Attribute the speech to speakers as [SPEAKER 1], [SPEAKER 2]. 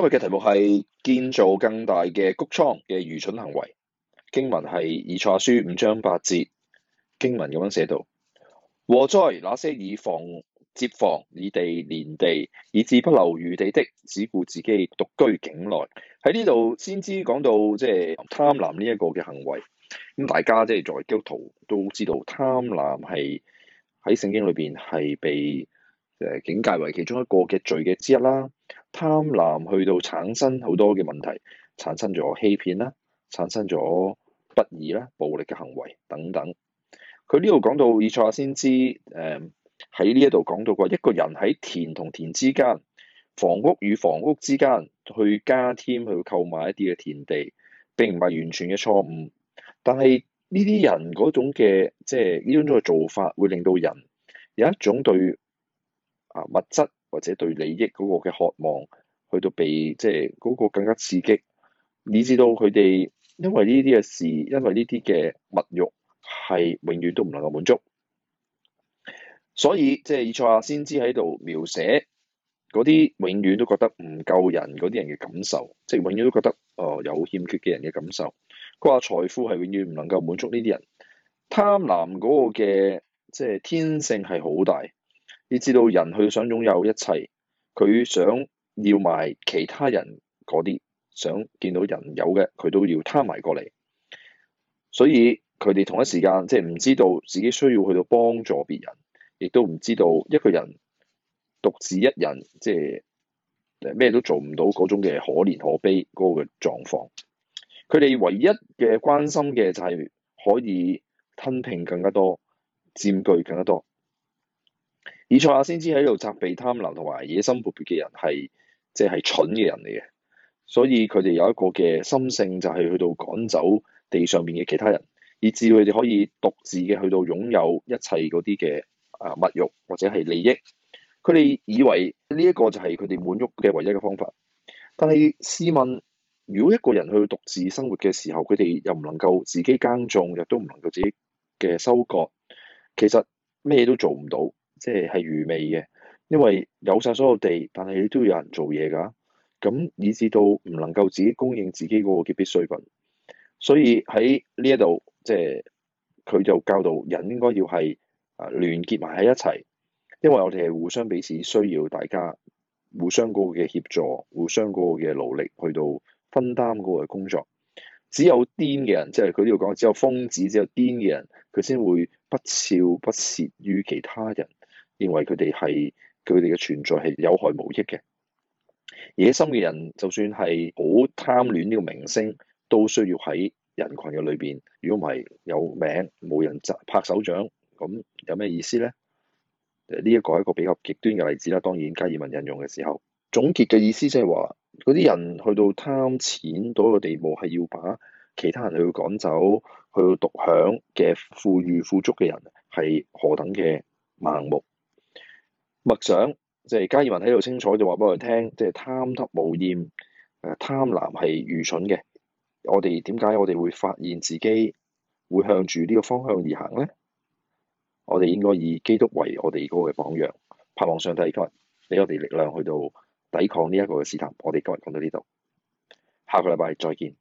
[SPEAKER 1] 今日嘅題目係建造更大嘅穀倉嘅愚蠢行為。經文係以賽書五章八節，經文咁樣寫道：禍哉那些以房接房、以地連地、以致不留餘地的，只顧自己獨居境內。喺呢度先知講到即係貪婪呢一個嘅行為。咁大家即係作為基督徒都知道貪，貪婪係喺聖經裏邊係被誒警戒為其中一個嘅罪嘅之一啦。貪婪去到產生好多嘅問題，產生咗欺騙啦，產生咗不義啦、暴力嘅行為等等。佢呢度講到以賽亞先知，誒喺呢一度講到話，一個人喺田同田之間、房屋與房屋之間去加添去購買一啲嘅田地，並唔係完全嘅錯誤。但係呢啲人嗰種嘅即係呢種嘅做法，會令到人有一種對啊物質，或者對利益嗰個嘅渴望，去到被即係嗰個更加刺激，以至到佢哋因為呢啲嘅事，因為呢啲嘅物慾，係永遠都唔能夠滿足，所以即係、就是、以賽亞先知喺度描寫嗰啲永遠都覺得唔夠人嗰啲人嘅感受，即、就、係、是、永遠都覺得哦、呃、有欠缺嘅人嘅感受。佢話財富係永遠唔能夠滿足呢啲人，貪婪嗰個嘅即係天性係好大。你知道人去想擁有一切，佢想要埋其他人嗰啲，想見到人有嘅，佢都要攤埋過嚟。所以佢哋同一時間即係唔知道自己需要去到幫助別人，亦都唔知道一個人獨自一人即係咩都做唔到嗰種嘅可憐可悲嗰個嘅狀況。佢哋唯一嘅關心嘅就係可以吞併更加多，佔據更加多。以賽亞先知喺度責備貪婪同埋野心勃勃嘅人係，即、就、係、是、蠢嘅人嚟嘅。所以佢哋有一個嘅心性，就係去到趕走地上面嘅其他人，以至佢哋可以獨自嘅去到擁有一切嗰啲嘅啊物慾或者係利益。佢哋以為呢一個就係佢哋滿足嘅唯一嘅方法。但係試問，如果一個人去獨自生活嘅時候，佢哋又唔能夠自己耕種，又都唔能夠自己嘅收割，其實咩都做唔到。即係係愚昧嘅，因為有晒所有地，但係你都有人做嘢㗎，啊，咁以至到唔能夠自己供應自己嗰個嘅必需品。所以喺呢一度，即係佢就教導人應該要係啊聯結埋喺一齊，因為我哋係互相彼此需要，大家互相嗰個嘅協助，互相嗰個嘅努力去到分擔嗰個工作。只有癲嘅人，即係佢呢度講，只有瘋子，只有癲嘅人，佢先會不俏不屑於其他人。認為佢哋係佢哋嘅存在係有害無益嘅，野心嘅人就算係好貪戀呢個名聲，都需要喺人群嘅裏邊。如果唔係有名，冇人拍手掌，咁有咩意思咧？呢一個係一個比較極端嘅例子啦。當然，加爾文引用嘅時候總結嘅意思就係話，嗰啲人去到貪錢到一個地步，係要把其他人去趕走，去到獨享嘅富裕富足嘅人係何等嘅盲目。默想，即係加爾文喺度清楚就話俾我哋聽，即係貪得無厭，誒貪婪係愚蠢嘅。我哋點解我哋會發現自己會向住呢個方向而行咧？我哋應該以基督為我哋嗰個嘅榜樣，盼望上帝今日俾我哋力量去到抵抗呢一個嘅試探。我哋今日講到呢度，下個禮拜再見。